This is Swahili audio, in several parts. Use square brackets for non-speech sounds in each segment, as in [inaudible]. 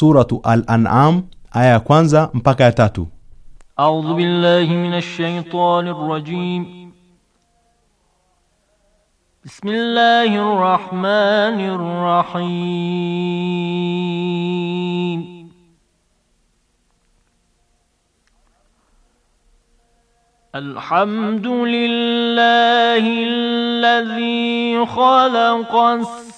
suratu Al-An'am aya ya kwanza mpaka ya tatu. A'udhu billahi minash shaitani rrajim. Bismillahir rahmanir rahim. الحمد لله الذي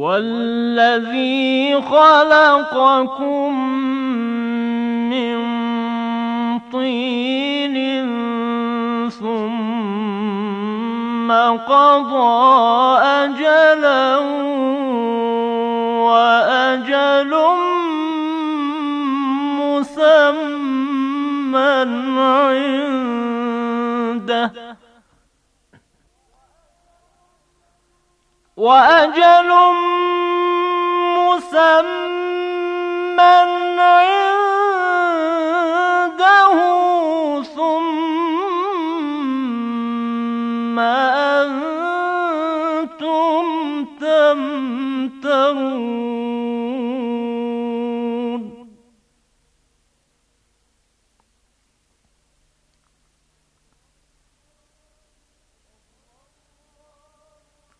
والذي خلقكم من طين ثم قضى أجلا وأجل مسمى عنده وأجل مسمى عنده ثم أنتم تمترون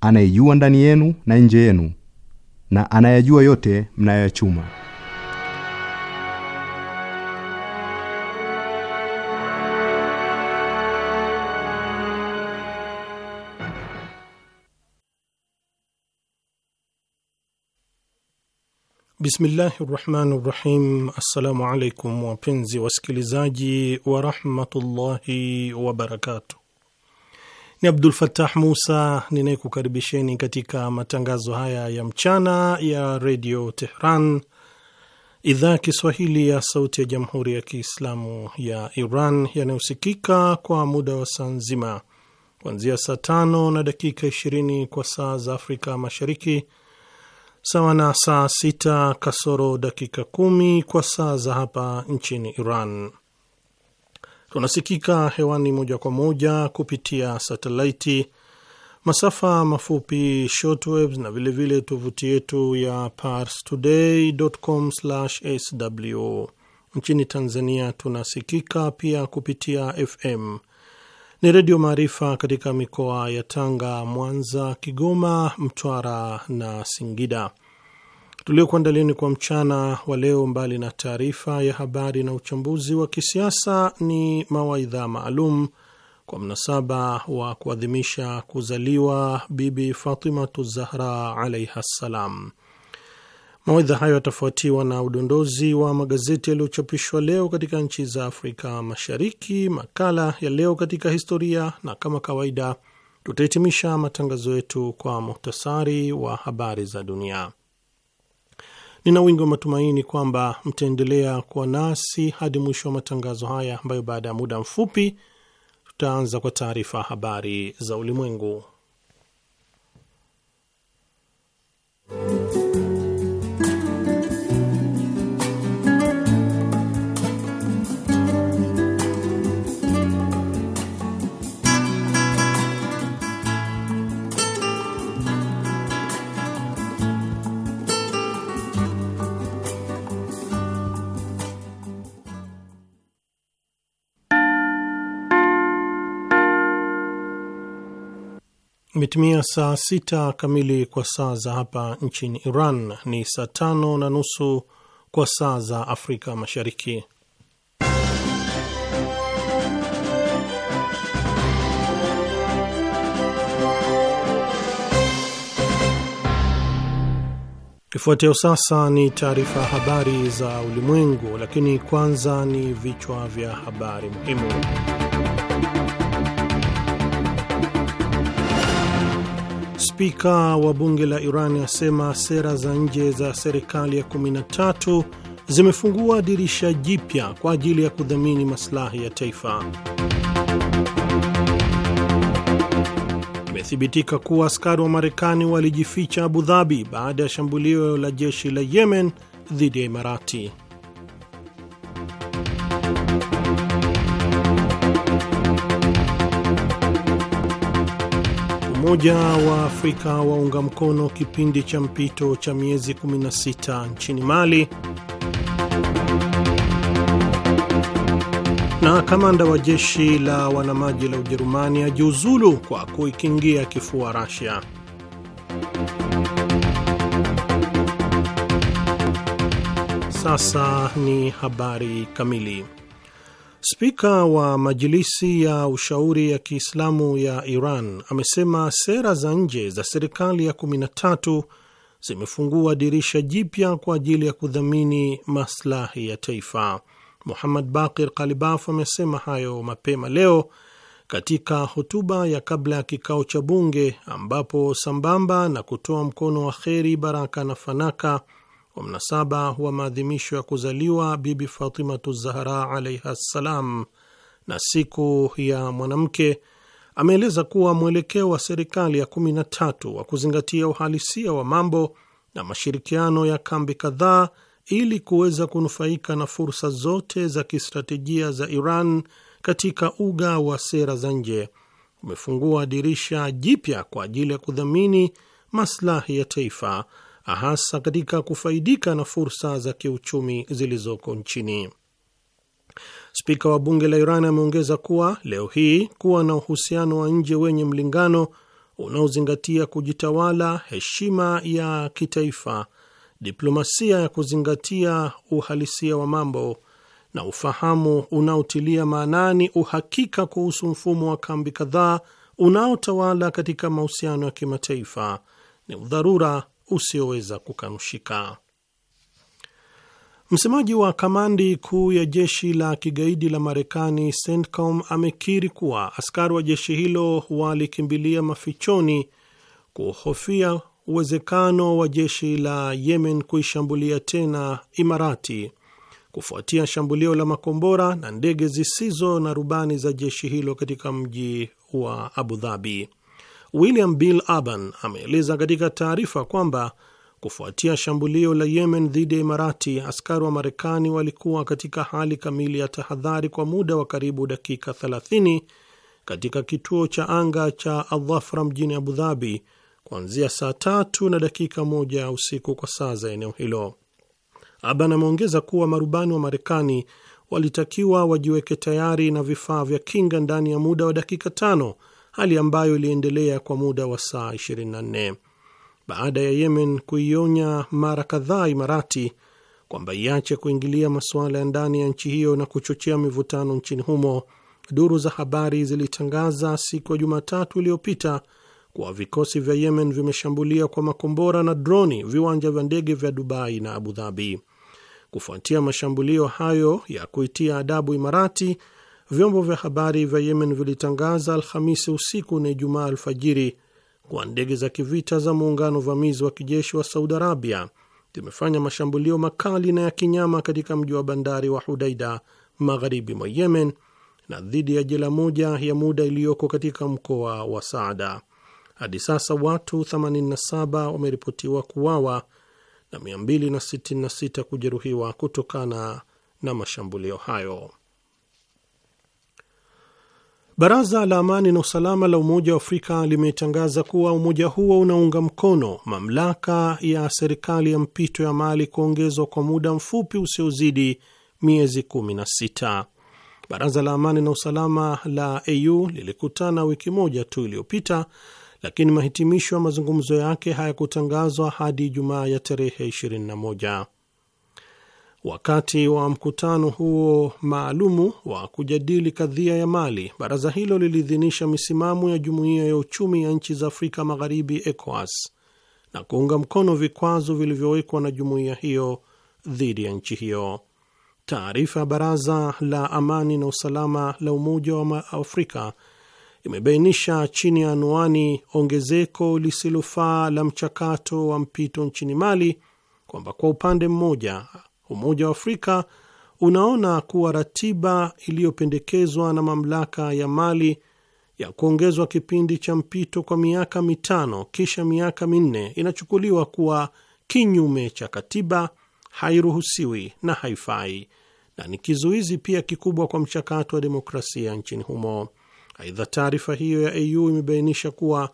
anayejua ndani yenu na nje yenu na anayajua yote mnayoyachuma. Bismillahi rahmani rahim. Assalamu alaikum wapenzi wasikilizaji warahmatullahi wabarakatuh. Ni Abdul Fatah Musa ninayekukaribisheni katika matangazo haya ya mchana ya redio Tehran, idhaa ya Kiswahili ya sauti ya jamhuri ya Kiislamu ya Iran, yanayosikika kwa muda wa saa nzima kuanzia saa tano na dakika ishirini kwa saa za Afrika Mashariki, sawa na saa sita kasoro dakika kumi kwa saa za hapa nchini Iran Tunasikika hewani moja kwa moja kupitia satelaiti, masafa mafupi shortwaves, na vilevile tovuti yetu ya parstoday.com/sw. Nchini Tanzania tunasikika pia kupitia FM ni Redio Maarifa katika mikoa ya Tanga, Mwanza, Kigoma, Mtwara na Singida tuliokuandalieni kwa mchana wa leo, mbali na taarifa ya habari na uchambuzi wa kisiasa, ni mawaidha maalum kwa mnasaba wa kuadhimisha kuzaliwa Bibi Fatimatu Zahra alaiha ssalam. Mawaidha hayo yatafuatiwa na udondozi wa magazeti yaliyochapishwa leo katika nchi za Afrika Mashariki, makala ya leo katika historia, na kama kawaida tutahitimisha matangazo yetu kwa muhtasari wa habari za dunia. Nina wingi wa matumaini kwamba mtaendelea kuwa nasi hadi mwisho wa matangazo haya ambayo baada ya muda mfupi tutaanza kwa taarifa ya habari za ulimwengu. imetimia saa sita kamili kwa saa za hapa nchini Iran, ni saa tano na nusu kwa saa za Afrika Mashariki. Kifuatio sasa ni taarifa ya habari za ulimwengu, lakini kwanza ni vichwa vya habari muhimu. Spika wa bunge la Iran asema sera za nje za serikali ya 13 zimefungua dirisha jipya kwa ajili ya kudhamini maslahi ya taifa. Imethibitika kuwa askari wa Marekani walijificha Abu Dhabi baada ya shambulio la jeshi la Yemen dhidi ya Imarati. Umoja wa Afrika waunga mkono kipindi cha mpito cha miezi 16 nchini Mali. Na kamanda wa jeshi la wanamaji la Ujerumani ajiuzulu kwa kuikingia kifua Rasia. Sasa ni habari kamili. Spika wa Majilisi ya Ushauri ya Kiislamu ya Iran amesema sera za nje za serikali ya 13 zimefungua dirisha jipya kwa ajili ya kudhamini maslahi ya taifa. Muhammad Bakir Kalibaf amesema hayo mapema leo katika hotuba ya kabla ya kikao cha bunge ambapo sambamba na kutoa mkono wa kheri, baraka na fanaka kwa mnasaba wa maadhimisho ya kuzaliwa Bibi Fatimatu Zahra alaiha ssalam na siku ya mwanamke, ameeleza kuwa mwelekeo wa serikali ya kumi na tatu wa kuzingatia uhalisia wa mambo na mashirikiano ya kambi kadhaa ili kuweza kunufaika na fursa zote za kistratejia za Iran katika uga wa sera za nje umefungua dirisha jipya kwa ajili ya kudhamini maslahi ya taifa hasa katika kufaidika na fursa za kiuchumi zilizoko nchini. Spika wa bunge la Iran ameongeza kuwa leo hii kuwa na uhusiano wa nje wenye mlingano unaozingatia kujitawala, heshima ya kitaifa, diplomasia ya kuzingatia uhalisia wa mambo na ufahamu unaotilia maanani uhakika kuhusu mfumo wa kambi kadhaa unaotawala katika mahusiano ya kimataifa ni udharura usioweza kukanushika. Msemaji wa kamandi kuu ya jeshi la kigaidi la Marekani, CENTCOM, amekiri kuwa askari wa jeshi hilo walikimbilia mafichoni kuhofia uwezekano wa jeshi la Yemen kuishambulia tena Imarati kufuatia shambulio la makombora na ndege zisizo na rubani za jeshi hilo katika mji wa Abu Dhabi. William Bill aban ameeleza katika taarifa kwamba kufuatia shambulio la Yemen dhidi ya Imarati, askari wa Marekani walikuwa katika hali kamili ya tahadhari kwa muda wa karibu dakika 30 katika kituo cha anga cha Aldhafra mjini Abu Dhabi kuanzia saa tatu na dakika moja ya usiku kwa saa za eneo hilo. Aban ameongeza kuwa marubani wa Marekani walitakiwa wajiweke tayari na vifaa vya kinga ndani ya muda wa dakika tano hali ambayo iliendelea kwa muda wa saa 24 baada ya Yemen kuionya mara kadhaa Imarati kwamba iache kuingilia masuala ya ndani ya nchi hiyo na kuchochea mivutano nchini humo. Duru za habari zilitangaza siku ya Jumatatu iliyopita kuwa vikosi vya Yemen vimeshambulia kwa makombora na droni viwanja vya ndege vya Dubai na Abu Dhabi. Kufuatia mashambulio hayo ya kuitia adabu Imarati, vyombo vya habari vya Yemen vilitangaza Alhamisi usiku na Ijumaa alfajiri kwa ndege za kivita za muungano vamizi wa kijeshi wa Saudi Arabia zimefanya mashambulio makali na ya kinyama katika mji wa bandari wa Hudaida magharibi mwa Yemen na dhidi ya jela moja ya muda iliyoko katika mkoa wa Saada. Hadi sasa watu 87 wameripotiwa kuwawa na 266 kujeruhiwa kutokana na mashambulio hayo. Baraza la Amani na Usalama la Umoja wa Afrika limetangaza kuwa umoja huo unaunga mkono mamlaka ya serikali ya mpito ya Mali kuongezwa kwa muda mfupi usiozidi miezi 16. Baraza la Amani na Usalama la AU lilikutana wiki moja tu iliyopita, lakini mahitimisho ya mazungumzo yake hayakutangazwa hadi Ijumaa ya tarehe 21. Wakati wa mkutano huo maalumu wa kujadili kadhia ya Mali, baraza hilo liliidhinisha misimamo ya Jumuiya ya Uchumi ya Nchi za Afrika Magharibi, ECOWAS, na kuunga mkono vikwazo vilivyowekwa na jumuiya hiyo dhidi ya nchi hiyo. Taarifa ya Baraza la Amani na Usalama la Umoja wa Afrika imebainisha chini ya anuani ongezeko lisilofaa la mchakato wa mpito nchini Mali kwamba kwa upande mmoja Umoja wa Afrika unaona kuwa ratiba iliyopendekezwa na mamlaka ya Mali ya kuongezwa kipindi cha mpito kwa miaka mitano kisha miaka minne inachukuliwa kuwa kinyume cha katiba, hairuhusiwi na haifai, na ni kizuizi pia kikubwa kwa mchakato wa demokrasia nchini humo. Aidha, taarifa hiyo ya AU imebainisha kuwa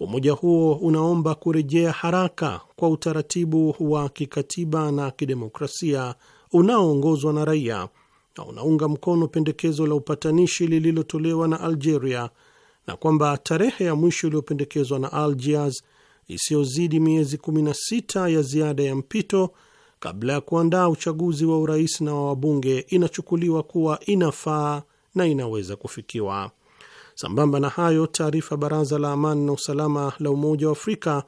Umoja huo unaomba kurejea haraka kwa utaratibu wa kikatiba na kidemokrasia unaoongozwa na raia na unaunga mkono pendekezo la upatanishi lililotolewa na Algeria na kwamba tarehe ya mwisho iliyopendekezwa na Algiers isiyozidi miezi 16 ya ziada ya mpito kabla ya kuandaa uchaguzi wa urais na wa wabunge inachukuliwa kuwa inafaa na inaweza kufikiwa. Sambamba na hayo, taarifa baraza la amani na usalama la Umoja wa Afrika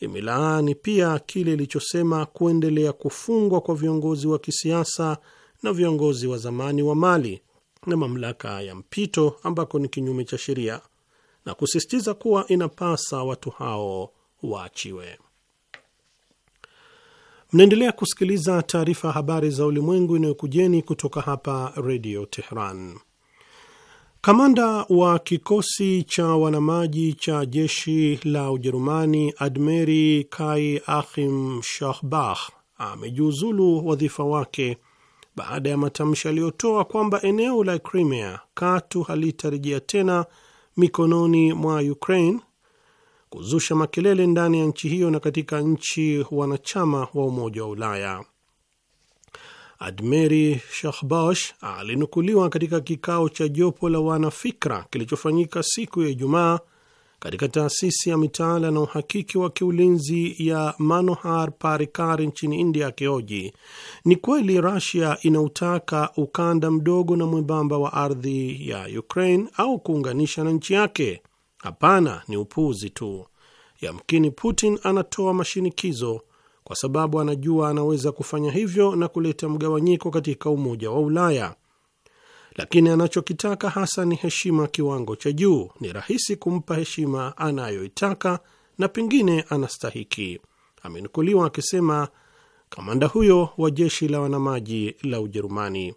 imelaani pia kile ilichosema kuendelea kufungwa kwa viongozi wa kisiasa na viongozi wa zamani wa Mali na mamlaka ya mpito ambako ni kinyume cha sheria na kusisitiza kuwa inapasa watu hao waachiwe. Mnaendelea kusikiliza taarifa ya habari za ulimwengu inayokujeni kutoka hapa Redio Tehran. Kamanda wa kikosi cha wanamaji cha jeshi la Ujerumani Admeri Kai Achim Shahbach amejiuzulu wadhifa wake baada ya matamshi aliyotoa kwamba eneo la Crimea katu halitarejea tena mikononi mwa Ukraine, kuzusha makelele ndani ya nchi hiyo na katika nchi wanachama wa Umoja wa Ulaya. Admeri Shahbash alinukuliwa katika kikao cha jopo la wanafikra kilichofanyika siku ya Ijumaa katika taasisi ya mitaala na uhakiki wa kiulinzi ya Manohar Parikar nchini India, akioji ni kweli rasia inautaka ukanda mdogo na mwembamba wa ardhi ya Ukraine au kuunganisha na nchi yake? Hapana, ni upuuzi tu. Yamkini Putin anatoa mashinikizo kwa sababu anajua anaweza kufanya hivyo na kuleta mgawanyiko katika Umoja wa Ulaya. Lakini anachokitaka hasa ni heshima kiwango cha juu. Ni rahisi kumpa heshima anayoitaka na pengine anastahiki. Amenukuliwa akisema kamanda huyo wa jeshi la wanamaji la Ujerumani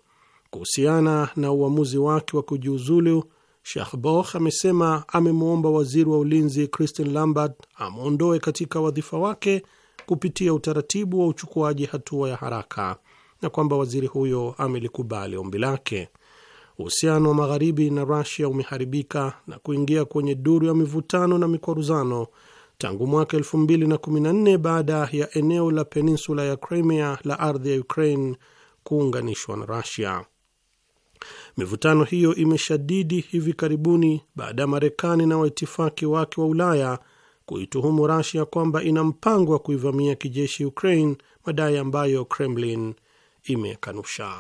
kuhusiana na uamuzi wake wa kujiuzulu. Shahboh amesema amemwomba waziri wa ulinzi Christine Lambert amwondoe katika wadhifa wake kupitia utaratibu wa uchukuaji hatua ya haraka na kwamba waziri huyo amelikubali ombi lake. Uhusiano wa Magharibi na rasia umeharibika na kuingia kwenye duru ya mivutano na mikwaruzano tangu mwaka 2014 baada ya eneo la peninsula ya Crimea la ardhi ya Ukraine kuunganishwa na rasia Mivutano hiyo imeshadidi hivi karibuni baada ya Marekani na waitifaki wake wa Ulaya kuituhumu Rasia kwamba ina mpango wa kuivamia kijeshi Ukraine, madai ambayo Kremlin imekanusha.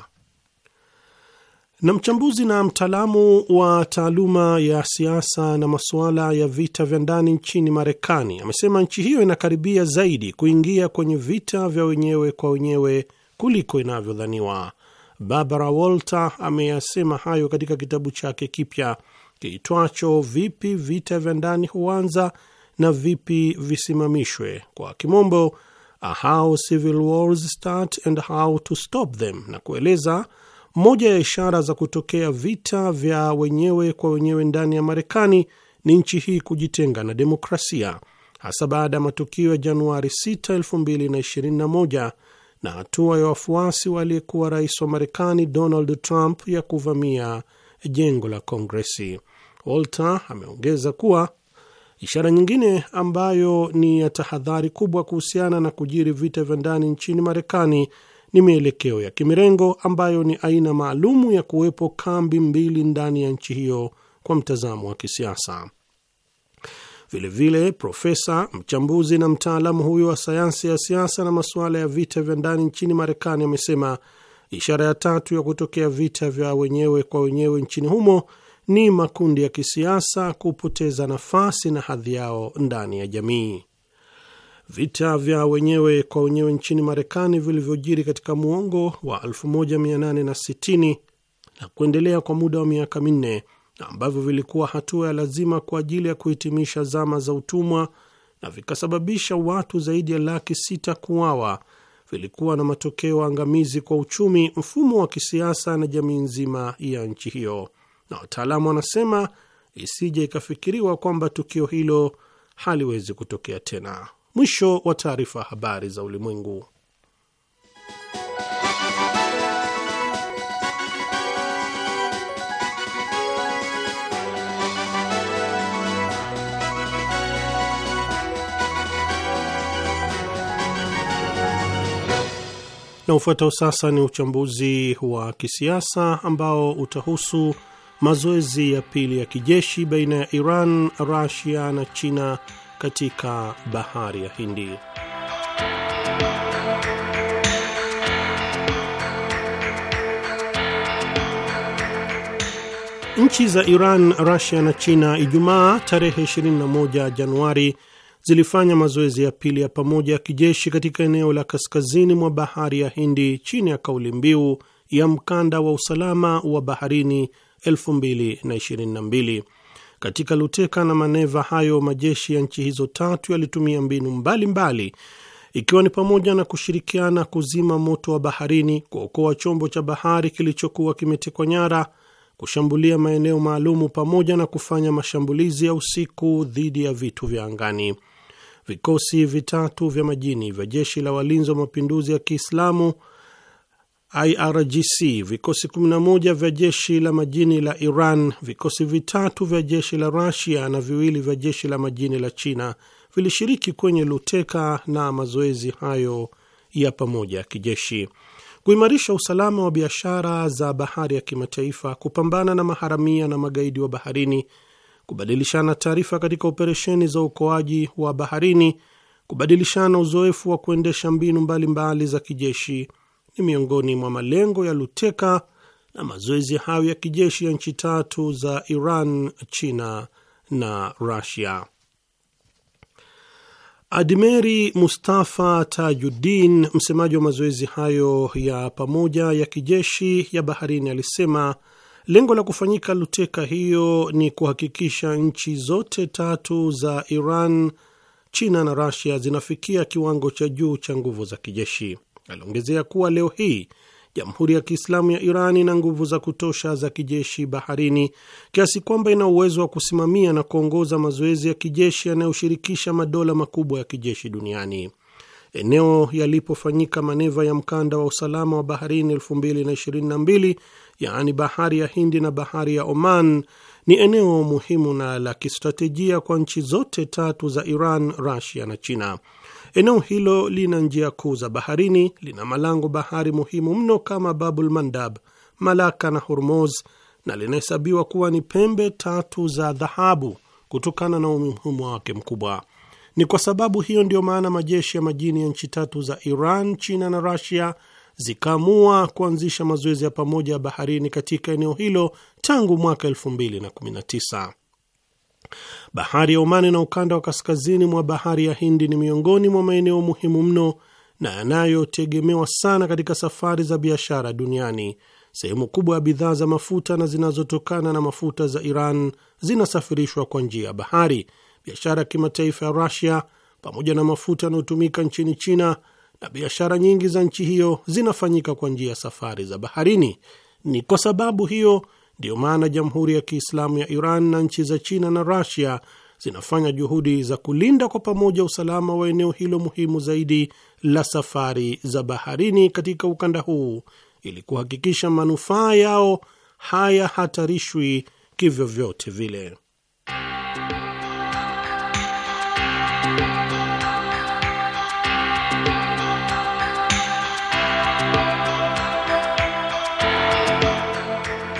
Na mchambuzi na mtaalamu wa taaluma ya siasa na masuala ya vita vya ndani nchini Marekani amesema nchi hiyo inakaribia zaidi kuingia kwenye vita vya wenyewe kwa wenyewe kuliko inavyodhaniwa. Barbara Walter ameyasema hayo katika kitabu chake kipya kiitwacho Vipi Vita vya Ndani Huanza na vipi visimamishwe, kwa kimombo How Civil Wars Start and How to Stop Them, na kueleza moja ya ishara za kutokea vita vya wenyewe kwa wenyewe ndani ya Marekani ni nchi hii kujitenga na demokrasia, hasa baada ya matukio ya Januari 6, 2021 na hatua ya wafuasi wa aliyekuwa rais wa Marekani Donald Trump ya kuvamia jengo la Kongresi. Walter ameongeza kuwa Ishara nyingine ambayo ni ya tahadhari kubwa kuhusiana na kujiri vita vya ndani nchini Marekani ni mielekeo ya kimirengo ambayo ni aina maalumu ya kuwepo kambi mbili ndani ya nchi hiyo kwa mtazamo wa kisiasa. Vilevile, profesa mchambuzi na mtaalamu huyo wa sayansi ya siasa na masuala ya vita vya ndani nchini Marekani amesema ishara ya tatu ya kutokea vita vya wenyewe kwa wenyewe nchini humo ni makundi ya kisiasa kupoteza nafasi na hadhi yao ndani ya jamii. Vita vya wenyewe kwa wenyewe nchini Marekani vilivyojiri katika muongo wa 1860 na kuendelea kwa muda wa miaka minne ambavyo vilikuwa hatua ya lazima kwa ajili ya kuhitimisha zama za utumwa na vikasababisha watu zaidi ya laki sita kuawa, vilikuwa na matokeo angamizi kwa uchumi, mfumo wa kisiasa na jamii nzima ya nchi hiyo na wataalamu wanasema isije ikafikiriwa kwamba tukio hilo haliwezi kutokea tena. Mwisho wa taarifa. Habari za Ulimwengu. Na ufuatao sasa ni uchambuzi wa kisiasa ambao utahusu mazoezi ya pili ya kijeshi baina ya Iran, rasia na China katika bahari ya Hindi. Nchi za Iran, rasia na China Ijumaa tarehe 21 Januari zilifanya mazoezi ya pili ya pamoja ya kijeshi katika eneo la kaskazini mwa bahari ya Hindi chini ya kauli mbiu ya mkanda wa usalama wa baharini 2022. Katika luteka na maneva hayo, majeshi ya nchi hizo tatu yalitumia mbinu mbalimbali mbali, ikiwa ni pamoja na kushirikiana kuzima moto wa baharini, kuokoa chombo cha bahari kilichokuwa kimetekwa nyara, kushambulia maeneo maalumu, pamoja na kufanya mashambulizi ya usiku dhidi ya vitu vya angani. Vikosi vitatu vya majini vya jeshi la walinzi wa mapinduzi ya Kiislamu IRGC, vikosi 11 vya jeshi la majini la Iran, vikosi vitatu vya jeshi la Rusia na viwili vya jeshi la majini la China vilishiriki kwenye luteka na mazoezi hayo ya pamoja ya kijeshi. Kuimarisha usalama wa biashara za bahari ya kimataifa, kupambana na maharamia na magaidi wa baharini, kubadilishana taarifa katika operesheni za uokoaji wa baharini, kubadilishana uzoefu wa kuendesha mbinu mbalimbali mbali za kijeshi ni miongoni mwa malengo ya Luteka na mazoezi hayo ya kijeshi ya nchi tatu za Iran, China na Rusia. Admeri Mustafa tajudin msemaji wa mazoezi hayo ya pamoja ya kijeshi ya baharini, alisema lengo la kufanyika Luteka hiyo ni kuhakikisha nchi zote tatu za Iran, China na rasia zinafikia kiwango cha juu cha nguvu za kijeshi. Aliongezea kuwa leo hii Jamhuri ya Kiislamu ya Iran ina nguvu za kutosha za kijeshi baharini kiasi kwamba ina uwezo wa kusimamia na kuongoza mazoezi ya kijeshi yanayoshirikisha madola makubwa ya kijeshi duniani. Eneo yalipofanyika maneva ya mkanda wa usalama wa baharini 2022 yaani bahari ya Hindi na bahari ya Oman ni eneo muhimu na la kistratejia kwa nchi zote tatu za Iran, Rusia na China. Eneo hilo lina njia kuu za baharini, lina malango bahari muhimu mno kama Babul Mandab, Malaka na Hormuz, na linahesabiwa kuwa ni pembe tatu za dhahabu kutokana na umuhimu wake mkubwa. Ni kwa sababu hiyo ndiyo maana majeshi ya majini ya nchi tatu za Iran, China na Rasia zikaamua kuanzisha mazoezi ya pamoja ya baharini katika eneo hilo tangu mwaka 219 Bahari ya Omani na ukanda wa kaskazini mwa bahari ya Hindi ni miongoni mwa maeneo muhimu mno na yanayotegemewa sana katika safari za biashara duniani. Sehemu kubwa ya bidhaa za mafuta na zinazotokana na mafuta za Iran zinasafirishwa kwa njia ya bahari. Biashara ya kimataifa ya Rusia pamoja na mafuta yanayotumika nchini China na biashara nyingi za nchi hiyo zinafanyika kwa njia ya safari za baharini. Ni kwa sababu hiyo Ndiyo maana Jamhuri ya Kiislamu ya Iran na nchi za China na Rasia zinafanya juhudi za kulinda kwa pamoja usalama wa eneo hilo muhimu zaidi la safari za baharini katika ukanda huu ili kuhakikisha manufaa yao hayahatarishwi kivyovyote vile.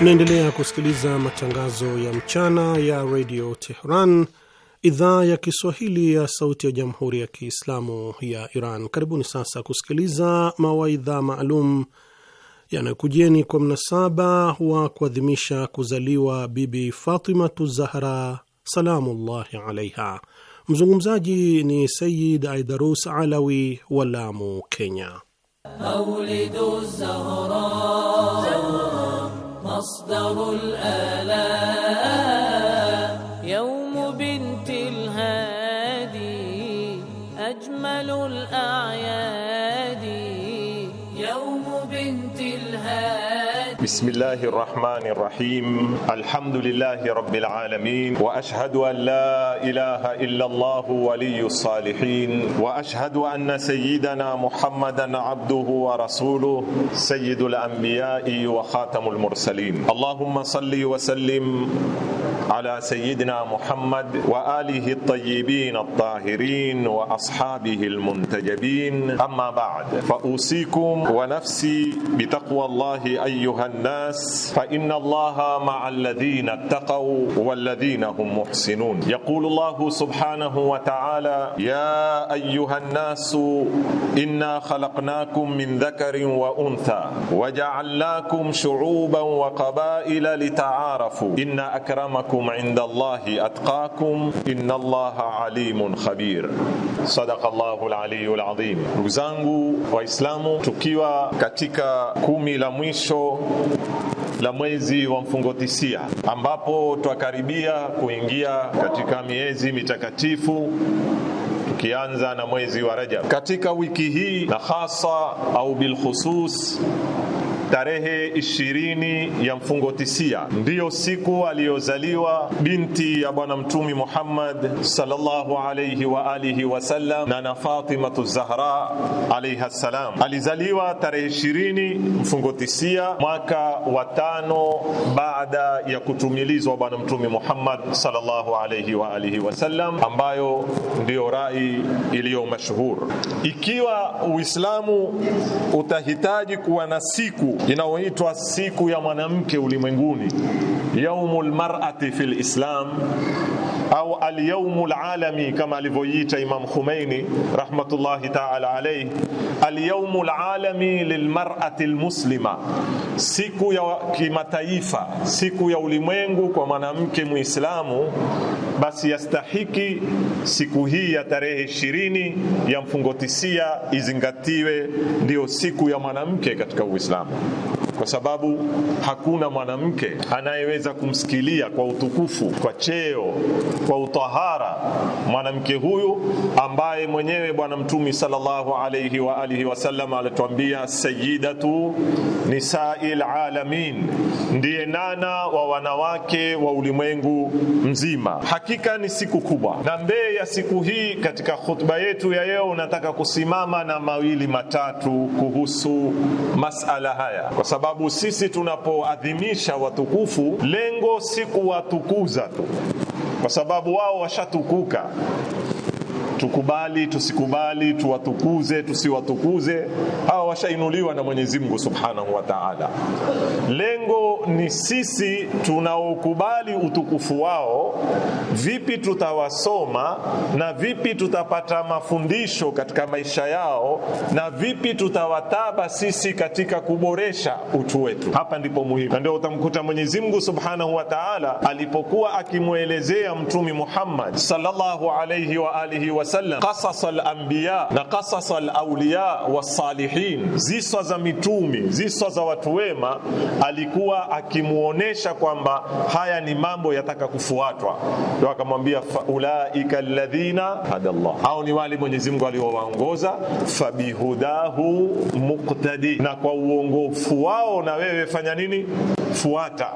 Mnaendelea kusikiliza matangazo ya mchana ya redio Tehran, idhaa ya Kiswahili ya sauti ya jamhuri ya Kiislamu ya Iran. Karibuni sasa kusikiliza mawaidha maalum yanayokujieni kwa mnasaba wa kuadhimisha kuzaliwa Bibi Fatimatu Zahra salamullahi alaiha. Mzungumzaji ni Sayid Aidarus Alawi wa Lamu, Kenya. Maulidu Zahra, مصدر الآلام بسم الله الرحمن الرحيم الحمد لله رب العالمين واشهد ان لا اله الا الله ولي الصالحين واشهد ان سيدنا محمدا عبده ورسوله سيد الانبياء وخاتم المرسلين اللهم صل وسلم على سيدنا محمد وآله الطيبين الطاهرين وأصحابه المنتجبين أما بعد فأوصيكم ونفسي بتقوى الله أيها الناس فإن الله مع الذين اتقوا والذين هم محسنون يقول الله سبحانه وتعالى يا أيها الناس إنا خلقناكم من ذكر وأنثى وجعلناكم شعوبا وقبائل لتعارفوا إن أكرمكم indakum inda Allahi atqakum inna Allaha alimun khabir. Sadaqa Allahu al-aliyyul azim. Ndugu zangu Waislamu, tukiwa katika kumi la mwisho la mwezi wa mfungo tisia ambapo twakaribia kuingia katika miezi mitakatifu tukianza na mwezi wa Rajab katika wiki hii na hasa au bilkhusus tarehe ishirini ya mfungo tisia ndiyo siku aliyozaliwa binti ya Bwana Mtumi Muhammad sallallahu alayhi wa alihi wasallam, na na Fatimatu Zahra alayha salam. Alizaliwa tarehe ishirini mfungo tisia mwaka wa tano baada ya kutumilizwa Bwana Mtumi Muhammad sallallahu alayhi wa alihi sallam, ambayo ndiyo rai iliyo mashhur. Ikiwa Uislamu utahitaji kuwa na siku inayoitwa siku ya mwanamke ulimwenguni, yaumul mar'ati fil Islam au alyaumu lalami kama alivyoiita Imam Khomeini rahmatullahi taala alayhi, alyaumu lalami lilmarati lmuslima, siku ya kimataifa, siku ya ulimwengu kwa mwanamke Muislamu. Basi yastahiki siku hii ya tarehe ishirini ya mfungo tisia izingatiwe, ndiyo siku ya mwanamke katika Uislamu kwa sababu hakuna mwanamke anayeweza kumsikilia kwa utukufu, kwa cheo, kwa utahara mwanamke huyu ambaye mwenyewe Bwana Mtume sallallahu alayhi wa alihi wasallam alituambia sayyidatu nisail alamin, ndiye nana wa wanawake wa ulimwengu mzima. Hakika ni siku kubwa, na mbele ya siku hii katika khutba yetu ya leo nataka kusimama na mawili matatu kuhusu masala haya kwa sababu sababu sisi tunapoadhimisha watukufu, lengo si kuwatukuza tu, kwa sababu wao washatukuka tukubali tusikubali, tuwatukuze tusiwatukuze, hawa washainuliwa na Mwenyezi Mungu Subhanahu wa Ta'ala. Lengo ni sisi tunaokubali utukufu wao, vipi tutawasoma na vipi tutapata mafundisho katika maisha yao na vipi tutawataba sisi katika kuboresha utu wetu. Hapa ndipo muhimu, na ndio utamkuta Mwenyezi Mungu Subhanahu wa Ta'ala alipokuwa akimwelezea Mtume Muhammad sallallahu alayhi wa alihi wa wasallam, qasas al-anbiya na qasas al-awliya was-salihin, ziswa za mitume, ziswa za watu wema, alikuwa akimuonesha kwamba haya ni mambo yataka kufuatwa. Ndio akamwambia ulaika alladhina Allah, au ni wale Mwenyezi Mungu aliowaongoza, fabihudahu muqtadi, na kwa uongofu wao na wewe fanya nini? Fuata.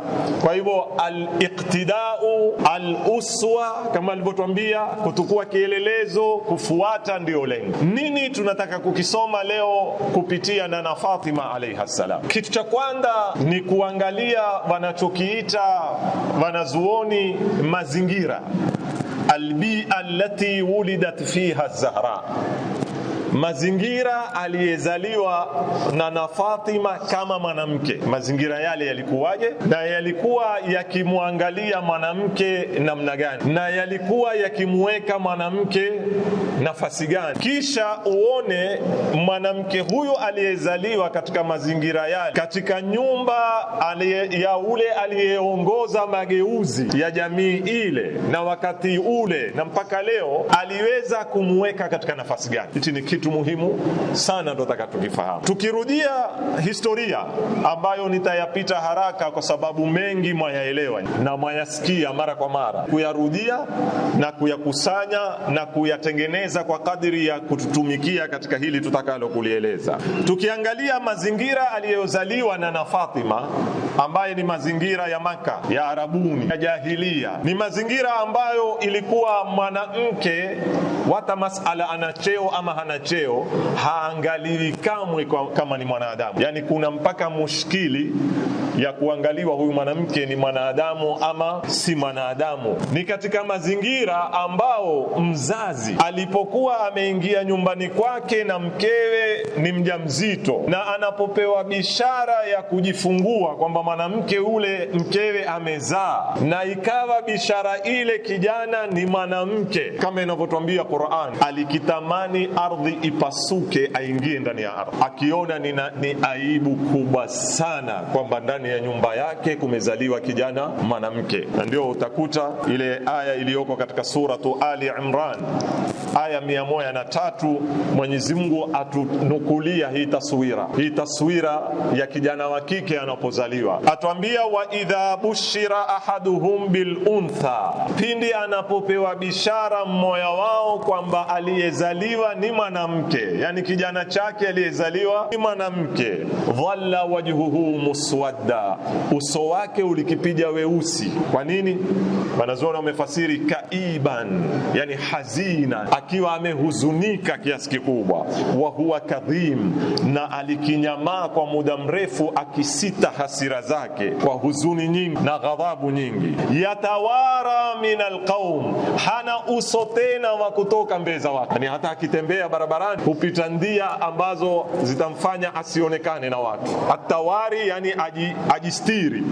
Kwa hivyo al-iqtidau al-uswa, kama alivyotwambia, kutukua kielelezo hizo kufuata ndio lengo. Nini tunataka kukisoma leo kupitia Nana Fatima alayha salam? Kitu cha kwanza ni kuangalia wanachokiita wanazuoni mazingira, albia allati wulidat fiha Zahra mazingira aliyezaliwa na na Fatima kama mwanamke, mazingira yale yalikuwaje, na yalikuwa yakimwangalia mwanamke namna gani, na yalikuwa yakimweka mwanamke nafasi gani, kisha uone mwanamke huyu aliyezaliwa katika mazingira yale, katika nyumba alie, ya ule aliyeongoza mageuzi ya jamii ile na wakati ule na mpaka leo, aliweza kumweka katika nafasi gani. Hichi ni kitu muhimu sana, ndo nataka tukifahamu. Tukirudia historia ambayo nitayapita haraka, kwa sababu mengi mwayaelewa na mwayasikia mara kwa mara, kuyarudia na kuyakusanya na kuyatengeneza kwa kadiri ya kututumikia katika hili tutakalo kulieleza. Tukiangalia mazingira aliyozaliwa na na Fatima, ambaye ni mazingira ya Maka ya Arabuni ya jahilia, ni mazingira ambayo ilikuwa mwanamke wata masala ana cheo ama hana cheo haangaliwi kamwe kama ni mwanadamu, yani kuna mpaka mushkili ya kuangaliwa huyu mwanamke ni mwanadamu ama si mwanadamu. Ni katika mazingira ambao mzazi alipokuwa ameingia nyumbani kwake na mkewe ni mjamzito, na anapopewa bishara ya kujifungua kwamba mwanamke ule mkewe amezaa, na ikawa bishara ile kijana ni mwanamke, kama inavyotwambia Qur'an, alikitamani ardhi ipasuke aingie ndani ya ardhi, akiona ni, ni aibu kubwa sana kwamba ndani ya nyumba yake kumezaliwa kijana mwanamke. Na ndio utakuta ile aya iliyoko katika suratu Ali Imran aya mia moja na tatu Mwenyezi Mungu atunukulia hii taswira, hii taswira ya kijana wa kike anapozaliwa, atuambia wa idha bushira ahaduhum bil untha, pindi anapopewa bishara mmoja wao kwamba aliyezaliwa ni mwanamke mwanamke, yani kijana chake aliyezaliwa ni mwanamke. Dhalla wajhuhu muswadda, uso wake ulikipija weusi. Kwa nini? Wanazuoni wamefasiri kaiban, yani hazina, akiwa amehuzunika kiasi kikubwa. Wa huwa kadhim, na alikinyamaa kwa muda mrefu, akisita hasira zake kwa huzuni nyingi na ghadhabu nyingi. Yatawara min alqaum, hana uso tena wa kutoka mbele za watu, yani hata akitembea barabara barabarani, hupita ndia ambazo zitamfanya asionekane na watu. Atawari yani ajistiri, aji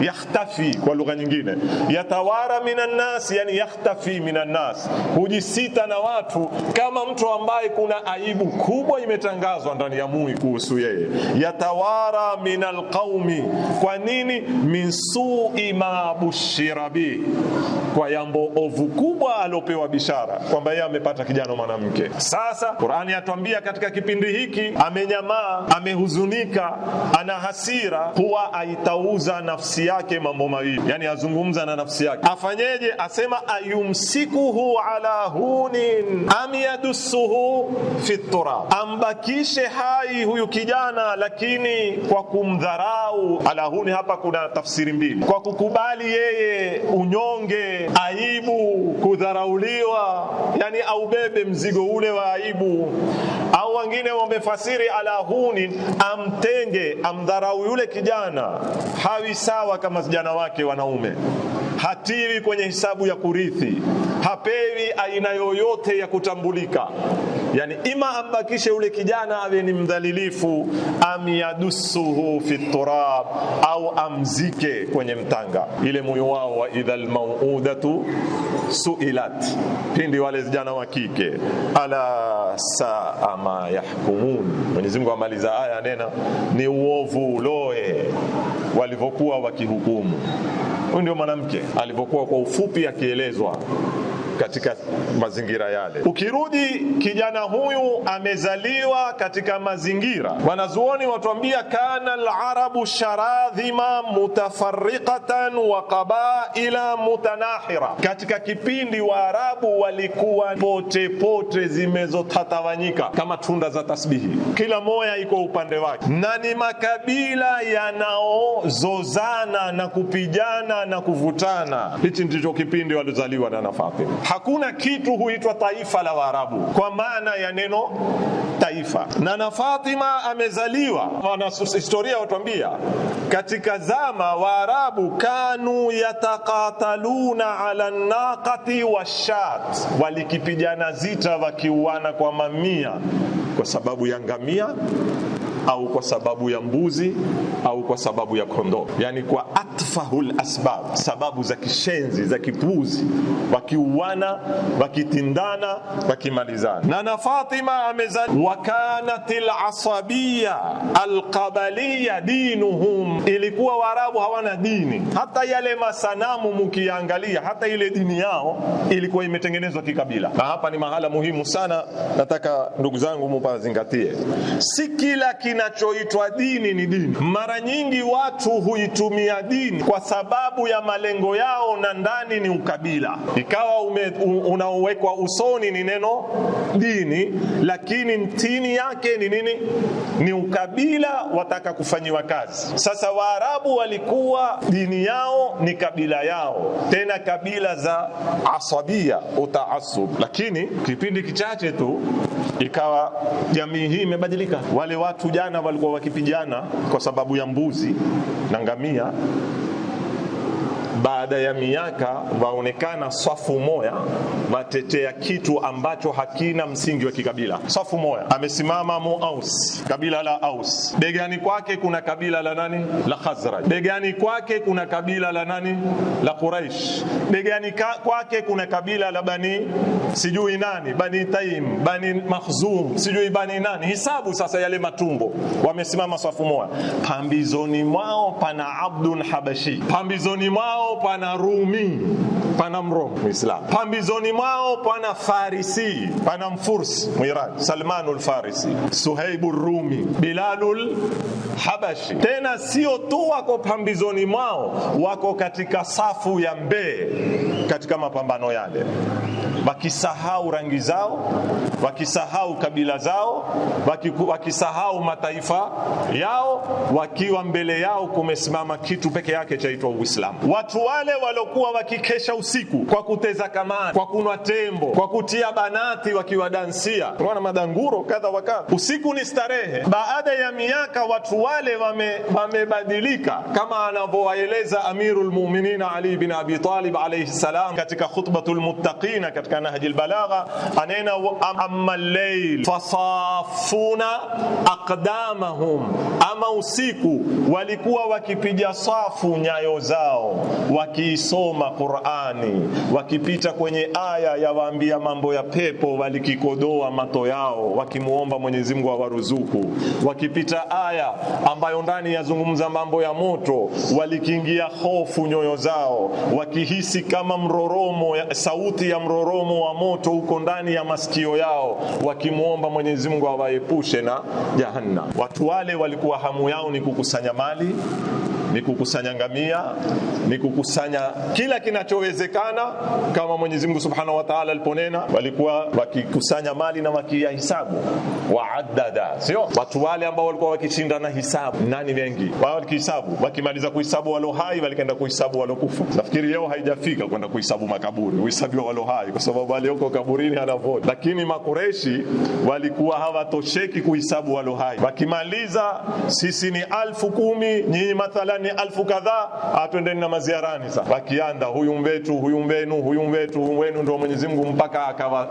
yakhtafi kwa lugha nyingine, yatawara minan nas, yani yakhtafi minan nas, hujisita na watu, kama mtu ambaye kuna aibu kubwa imetangazwa ndani ya mui kuhusu yeye. Yatawara minal qaumi, kwa nini? Min sui ma bushira bi, kwa yambo ovu kubwa aliopewa bishara kwamba yeye amepata kijana mwanamke. Sasa Qur'ani yatuambia katika kipindi hiki amenyamaa, amehuzunika, ana hasira, huwa aitauza nafsi nafsi yake mambo mawili, yani azungumza na nafsi yake, afanyeje? Asema ayumsikuhu ala hunin am yadussuhu fi turab, ambakishe hai huyu kijana lakini kwa kumdharau. Ala huni hapa kuna tafsiri mbili, kwa kukubali yeye unyonge, aibu kudharauliwa, yani aubebe mzigo ule wa aibu. Au wengine wamefasiri alahuni, amtenge, amdharau yule kijana, hawi sawa kama vijana wake wanaume, hatiwi kwenye hisabu ya kurithi, hapewi aina yoyote ya kutambulika yani ima ambakishe yule kijana awe ni mdhalilifu, am fi turab, au amzike kwenye mtanga. Ile moyo wao wa idhal mauudatu su ilat, pindi wale vijana wa kike. Ala saa ma yahkumun, Mwenyezi Mungu amaliza aya nena, ni uovu uloe walivyokuwa wakihukumu. Huyu ndio mwanamke alivyokuwa kwa ufupi akielezwa katika mazingira yale. Ukirudi kijana huyu amezaliwa katika mazingira, wanazuoni watuambia, kana alarabu sharadhima mutafarriqatan wa qabaila mutanahira, katika kipindi Waarabu walikuwa pote pote zimezotatawanyika kama tunda za tasbihi, kila moya iko upande wake, na ni makabila yanaozozana na kupijana na kuvutana. Hichi ndicho kipindi walizaliwa na Fatima Hakuna kitu huitwa taifa la Waarabu kwa maana ya neno taifa. Na na Fatima amezaliwa, wanahistoria watuambia katika zama Waarabu kanu yataqataluna ala naqati washat, walikipigana zita wakiuana kwa mamia kwa sababu ya ngamia au kwa sababu ya mbuzi au kwa sababu ya kondoo, yani kwa atfahul asbab, sababu za kishenzi za kipuzi, wakiuana wakitindana wakimalizana. Na na Fatima amezani wakanat alasabiya alqabaliya dinuhum, ilikuwa Waarabu hawana dini. Hata yale masanamu mukiangalia, hata ile dini yao ilikuwa imetengenezwa kikabila, na hapa ni mahala muhimu sana, nataka ndugu zangu mupazingatie, si kila kinachoitwa dini ni dini. Mara nyingi watu huitumia dini kwa sababu ya malengo yao, na ndani ni ukabila, ikawa unaowekwa usoni ni neno dini, lakini mtini yake ni nini? Ni ukabila, wataka kufanyiwa kazi. Sasa Waarabu walikuwa dini yao ni kabila yao, tena kabila za asabia utaasub, lakini kipindi kichache tu ikawa jamii hii imebadilika. Wale watu jana walikuwa wakipijana kwa sababu ya mbuzi na ngamia, baada ya miaka waonekana safu moya watetea kitu ambacho hakina msingi wa kikabila. Safu moya amesimama mu Aus, kabila la Aus, begani kwake kuna kabila la nani la Khazraj, begani kwake kuna kabila la nani la Quraish, begani kwake kuna kabila la Bani sijui nani Bani Taim, Bani Makhzum, sijui Bani nani. Hisabu sasa yale matumbo, wamesimama safu moya. Pambizoni mwao pana Abdun Habashi, pambizoni mwao mwao pana Rumi, pana mrom Muislamu, pambizoni mwao pana Farisi, pana Mfursi Mwiran, Salmanul Farisi, Suhaibu Rumi, Bilalul Habashi. Tena sio tu wako pambizoni mwao, wako katika safu ya mbee katika mapambano yale wakisahau rangi zao, wakisahau kabila zao, wakisahau mataifa yao, wakiwa mbele yao kumesimama kitu peke yake chaitwa Uislamu. Watu wale walokuwa wakikesha usiku kwa kuteza kamani kwa kunwa tembo, kwa kutia banati, wakiwadansia wana madanguro kadha wa usiku ni starehe. Baada ya miaka watu wale wamebadilika, wame kama anavyowaeleza Amirul Mu'minin Ali bin Abi Talib alayhi salam katika khutbatul muttaqina katika katika Nahji Balagha anena amma layl fasafuna aqdamahum, ama usiku walikuwa wakipiga safu nyayo zao wakiisoma Qur'ani, wakipita kwenye aya ya waambia mambo ya pepo, walikikodoa mato yao wakimuomba Mwenyezi Mungu awaruzuku, wakipita aya ambayo ndani yazungumza mambo ya moto, walikiingia hofu nyoyo zao wakihisi kama mroromo, sauti ya mroromo mdomo wa moto uko ndani ya masikio yao, wakimwomba Mwenyezi Mungu awaepushe na jahannam. Watu wale walikuwa hamu yao ni kukusanya mali ni kukusanya ngamia, ni kukusanya kila kinachowezekana, kama Mwenyezi Mungu Subhanahu wa Ta'ala aliponena, walikuwa wakikusanya mali na wakiyahisabu. Waadada, sio watu wale ambao walikuwa wakishindana hisabu, nani wengi wao, wakihisabu, wakimaliza kuhisabu walio hai, walikaenda kuhisabu kufa. Nafikiri yao haijafika kwenda kuhisabu makaburi, kuhesabiwa walio hai, kwa sababu aliyoko kaburini hana vote, lakini makureshi walikuwa hawatosheki kuhisabu walio hai, wakimaliza, sisi ni alfu kumi, nyinyi mathalan ni alfu kadhaa, atwendeni na maziarani. Sasa wakianda huyu mwetu huyu mwenu huyu mwetu wenu, ndio Mwenyezi Mungu mpaka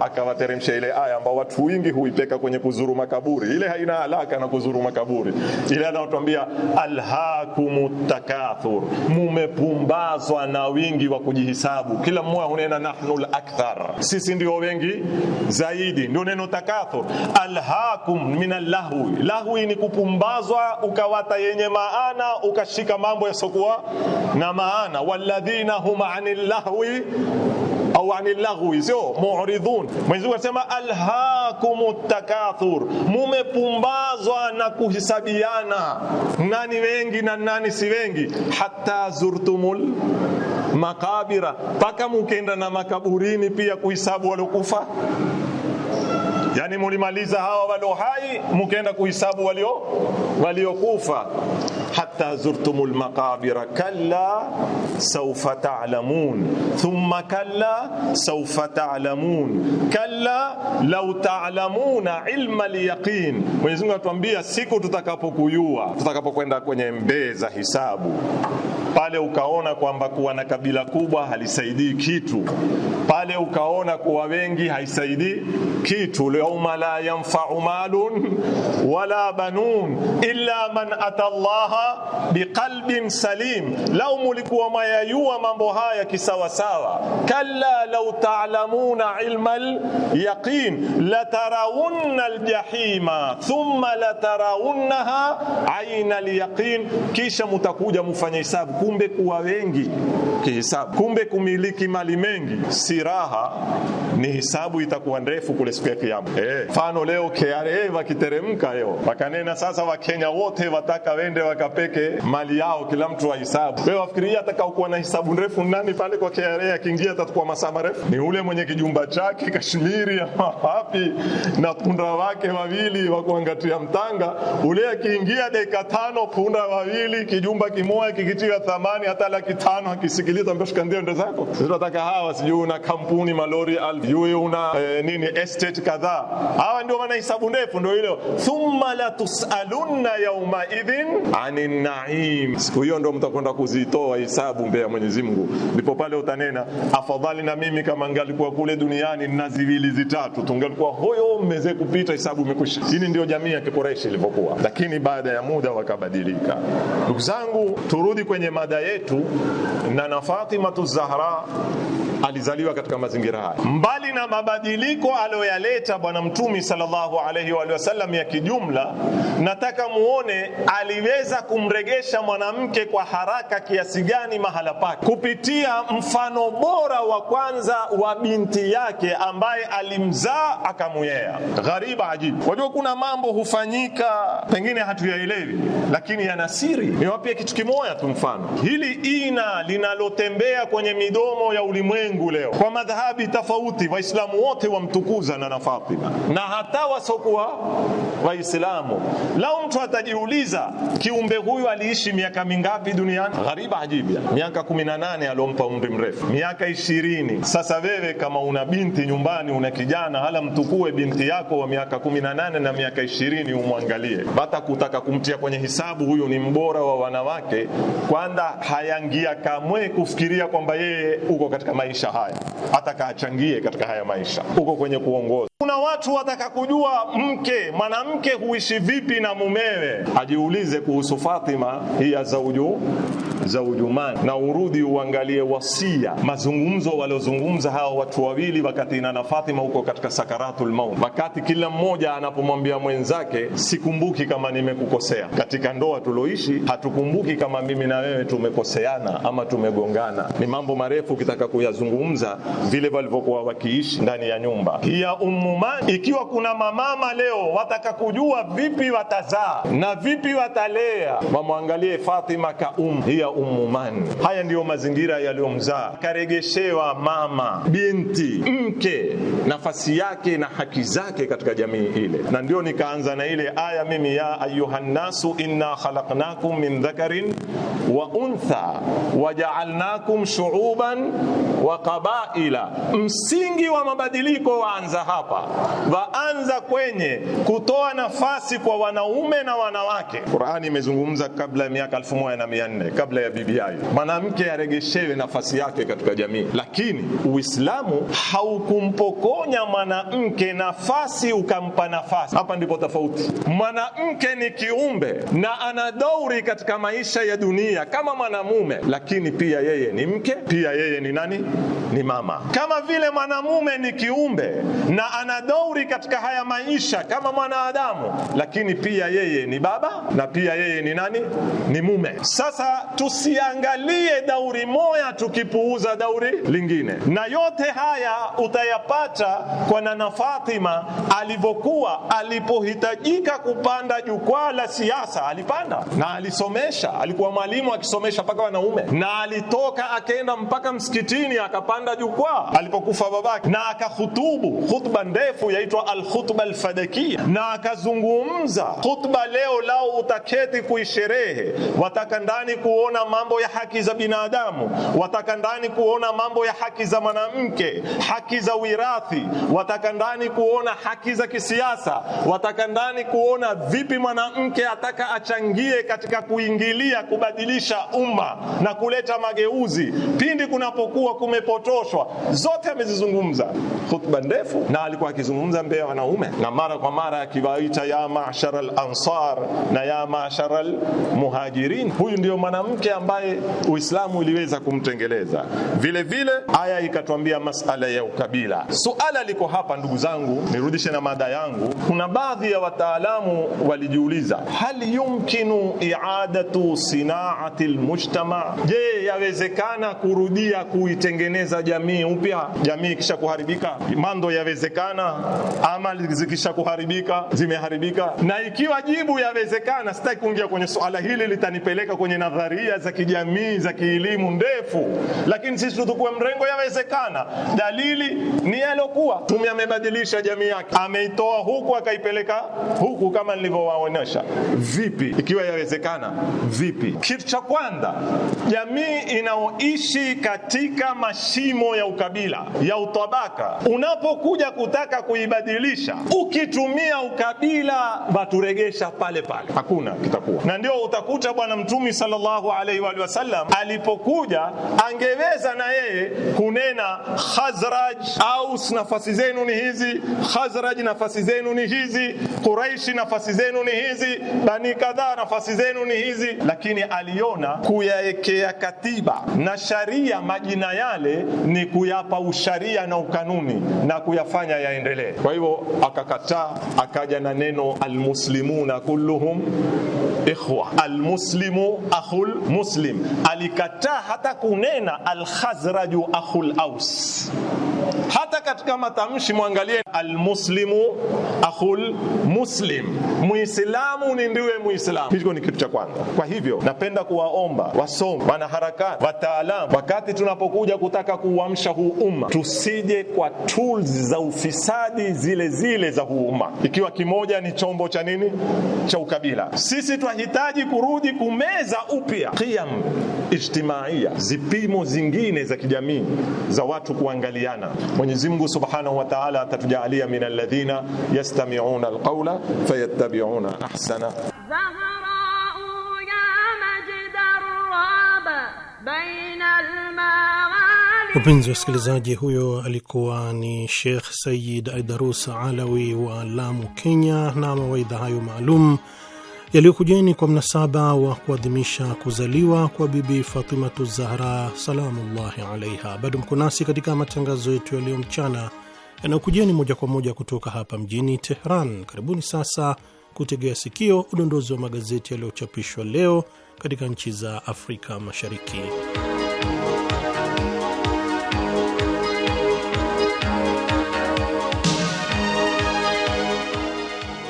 akawateremsha ile aya ambao watu wengi huipeka kwenye kuzuru makaburi. Ile haina alaka na kuzuru makaburi, ile anatuambia alhakumut takathur, mumepumbazwa na wingi wa kujihisabu. Kila mmoja hunena nahnu akthar, sisi ndio wengi zaidi, ndio neno takathur. Alhakum minal lahwi, lahwi ni kupumbazwa ukawata yenye maana ukashika mambo yasokuwa na maana, walladhina hum anil lahwi au anil lahwi sio muridhun Mwenyezi Mungu anasema alhaakumut takathur, mumepumbazwa na kuhisabiana nani wengi na nani si wengi, hatta zurtumul makabira, mpaka mukenda na makaburini pia kuhisabu walokufa yani mulimaliza hawa walio hai, mukenda kuhisabu walio waliokufa. Hatta zurtumul maqabira kalla sawfa ta'lamun thumma kalla sawfa ta'lamun kalla law ta'lamuna ilma al-yaqin. Mwenyezi Mungu atuambia siku tutakapokuyua, tutakapokwenda kwenye mbeza hisabu pale ukaona kwamba kuwa na kabila kubwa halisaidii kitu, pale ukaona kuwa wengi haisaidii kitu. Yauma la yanfau malun wala banun illa man ata llaha biqalbin salim. Lau mulikuwa mayayua mambo haya kisawasawa, kalla lau talamuna ilma lyaqin latarauna ljahima thumma lataraunnaha aina lyaqin, kisha mutakuja mufanye hisabu kumbe kuwa wengi kihisabu, kumbe kumiliki mali mengi si raha, ni hisabu itakuwa ndefu kule siku ya Kiyama. Eh, mfano leo KRA wakiteremka leo wakanena sasa, Wakenya wote wataka wende wakapeke mali yao, kila mtu wa hisabu. Wewe wafikiria kuwa na hisabu ndefu nani pale kwa KRA? Akiingia atakuwa masaa marefu, ni ule mwenye kijumba chake Kashmiri ama [laughs] wapi na punda wake wawili wa kuangatia mtanga ule, akiingia dakika tano punda wawili kijumba kimoja kikitia unatamani hata laki tano akisikiliza shikandia ndo zako. Sisi tunataka hawa, sijui una kampuni malori alfu, una e, nini estate kadhaa. Hawa ndio wana hisabu ndefu, ndio ile thumma la tusalunna yauma idhin anin naim. Siku hiyo ndio mtakwenda kuzitoa hisabu mbele ya Mwenyezi Mungu, ndipo pale utanena afadhali na mimi kama ngalikuwa kule duniani na ziwili zitatu tungalikuwa hoyo mmeze kupita hisabu imekwisha. Hii ndio jamii ya Quraysh ilivyokuwa, lakini baada ya muda wakabadilika. Ndugu zangu, turudi kwenye ma dada yetu na na Fatima Zahra alizaliwa katika mazingira haya. Mbali na mabadiliko aliyoyaleta Bwana Mtume sallallahu alayhi wa sallam ya kijumla, nataka muone aliweza kumregesha mwanamke kwa haraka kiasi gani mahala pake, kupitia mfano bora wa kwanza wa binti yake ambaye alimzaa akamuyea. Ghariba ajibu. Wajua, kuna mambo hufanyika pengine hatuyaelewi, lakini yana siri. Niwapie kitu kimoja tu, mfano hili ina linalotembea kwenye midomo ya ulimwengu ulimwengu leo kwa madhahabi tofauti, Waislamu wote wamtukuza na na Fatima na hata wasokuwa Waislamu. Lau mtu atajiuliza kiumbe huyu aliishi miaka mingapi duniani, ghariba ajibia, Miaka 18 alompa umri mrefu, miaka 20. Sasa wewe kama una binti nyumbani, una kijana, hala mtukue binti yako wa miaka 18 na miaka 20, umwangalie bata kutaka kumtia kwenye hisabu, huyu ni mbora wa wanawake, kwanza hayangia kamwe kufikiria kwamba yeye uko katika maisha maisha haya, atakachangie katika haya maisha, uko kwenye kuongoza. Kuna watu wataka kujua mke mwanamke huishi vipi na mumewe, ajiulize kuhusu Fatima ya zauju za ujumani, na urudi uangalie wasia, mazungumzo waliozungumza hawa watu wawili wakati na Fatima huko katika sakaratul maut, wakati kila mmoja anapomwambia mwenzake, sikumbuki kama nimekukosea katika ndoa tuloishi, hatukumbuki kama mimi na wewe tumekoseana ama tumegongana. Ni mambo marefu ukitaka kuyazungumza, vile walivyokuwa wakiishi ndani ya nyumba ya ummumani. Ikiwa kuna mamama leo wataka kujua vipi watazaa na vipi watalea, wamwangalie Fatima ka um hiya umuman. Haya ndiyo mazingira yaliyomzaa, akaregeshewa mama, binti, mke, nafasi yake na haki zake katika jamii ile, na ndio nikaanza na ile aya mimi, ya ayuhannasu inna khalaqnakum min dhakarin wa untha wajaalnakum shuuban wa qabaila. Msingi wa mabadiliko waanza hapa, waanza kwenye kutoa nafasi kwa wanaume na wanawake. Qurani imezungumza kabla ya miaka 1400 kabla kabla ya bibi yake. Mwanamke aregeshewe nafasi yake katika jamii, lakini Uislamu haukumpokonya mwanamke nafasi ukampa nafasi. Hapa ndipo tofauti. Mwanamke ni kiumbe na ana dauri katika maisha ya dunia kama mwanamume, lakini pia yeye ni mke, pia yeye ni nani? Ni mama. Kama vile mwanamume ni kiumbe na ana dauri katika haya maisha kama mwanadamu, lakini pia yeye ni baba na pia yeye ni nani? Ni mume. Sasa tusiangalie dauri moya tukipuuza dauri lingine. Na yote haya utayapata kwa nana Fatima alivyokuwa alipohitajika kupanda jukwaa la siasa, alipanda na alisomesha, alikuwa mwalimu akisomesha mpaka wanaume, na alitoka akaenda mpaka msikitini akapanda jukwaa alipokufa babake, na akahutubu khutba ndefu yaitwa alkhutba alfadakia, na akazungumza khutba. Leo lao utaketi kuisherehe, wataka ndani kuona kuona mambo ya haki za binadamu, wataka ndani kuona mambo ya haki za mwanamke, haki za wirathi, wataka ndani kuona haki za kisiasa, wataka ndani kuona vipi mwanamke ataka achangie katika kuingilia kubadilisha umma na kuleta mageuzi pindi kunapokuwa kumepotoshwa. Zote amezizungumza, hutuba ndefu, na alikuwa akizungumza mbele ya wanaume na mara kwa mara akiwaita ya mashara al-ansar na ya mashara al-muhajirin. Huyu ndio mwanamke mwanamke ambaye Uislamu uliweza kumtengeleza. Vile vile aya ikatwambia masala ya ukabila. Suala liko hapa, ndugu zangu, nirudishe na mada yangu. Kuna baadhi ya wataalamu walijiuliza, hal yumkinu iadatu sinaati almujtama, je, yawezekana kurudia kuitengeneza jamii upya? Jamii ikisha kuharibika, mando yawezekana? Amali zikisha kuharibika, zimeharibika? Na ikiwa jibu yawezekana, sitaki kuingia kwenye suala hili, litanipeleka kwenye nadharia sheria za kijamii za kielimu ndefu, lakini sisi tutukue mrengo, yawezekana. Dalili ni yalokuwa Tume amebadilisha jamii yake, ameitoa huku akaipeleka huku, kama nilivyowaonyesha. Vipi ikiwa yawezekana? Vipi? Kitu cha kwanza, jamii inaoishi katika mashimo ya ukabila ya utabaka, unapokuja kutaka kuibadilisha, ukitumia ukabila waturegesha pale pale, hakuna kitakuwa na. Ndio utakuta Bwana Mtume sallallahu alaihi wa sallam alipokuja, angeweza na yeye kunena Khazraj, au nafasi zenu ni hizi, Khazraj nafasi zenu ni hizi, Quraishi nafasi zenu ni hizi, Bani kadhaa nafasi zenu ni hizi, lakini aliona kuyaekea katiba na sharia majina yale ni kuyapa usharia na ukanuni na kuyafanya yaendelee. Kwa hivyo akakataa, akaja na neno almuslimuna kulluhum ikhwa, almuslimu akhul Muslim alikataa hata kunena al-Khazraju akhul aus. Hata katika matamshi mwangalie, almuslimu akhul muslim, muislamu ni ndiwe muislamu. Hicho ni kitu cha kwanza. Kwa hivyo napenda kuwaomba wasomi, wanaharakati, wataalamu, wakati tunapokuja kutaka kuuamsha huu umma, tusije kwa tools za ufisadi zile zile za huu umma, ikiwa kimoja ni chombo cha nini cha ukabila. Sisi twahitaji kurudi kumeza upya qiyam ijtimaia, zipimo zingine za kijamii za watu kuangaliana. Mwenyezi Mungu Subhanahu wa Ta'ala atatujalia min alladhina yastami'una alqawla fayattabi'una ahsana. wa wasikilizaji, huyo alikuwa ni Sheikh sayid Aidarus Alawi wa Lamu, Kenya, na mawaidha hayo maalum yaliyokujeni kwa mnasaba wa kuadhimisha kuzaliwa kwa Bibi Fatimatu Zahra salamullahi alaiha. Bado mko nasi katika matangazo yetu yaliyo mchana yanayokujeni moja kwa moja kutoka hapa mjini Tehran. Karibuni sasa kutegea sikio udondozi wa magazeti yaliyochapishwa leo katika nchi za Afrika Mashariki.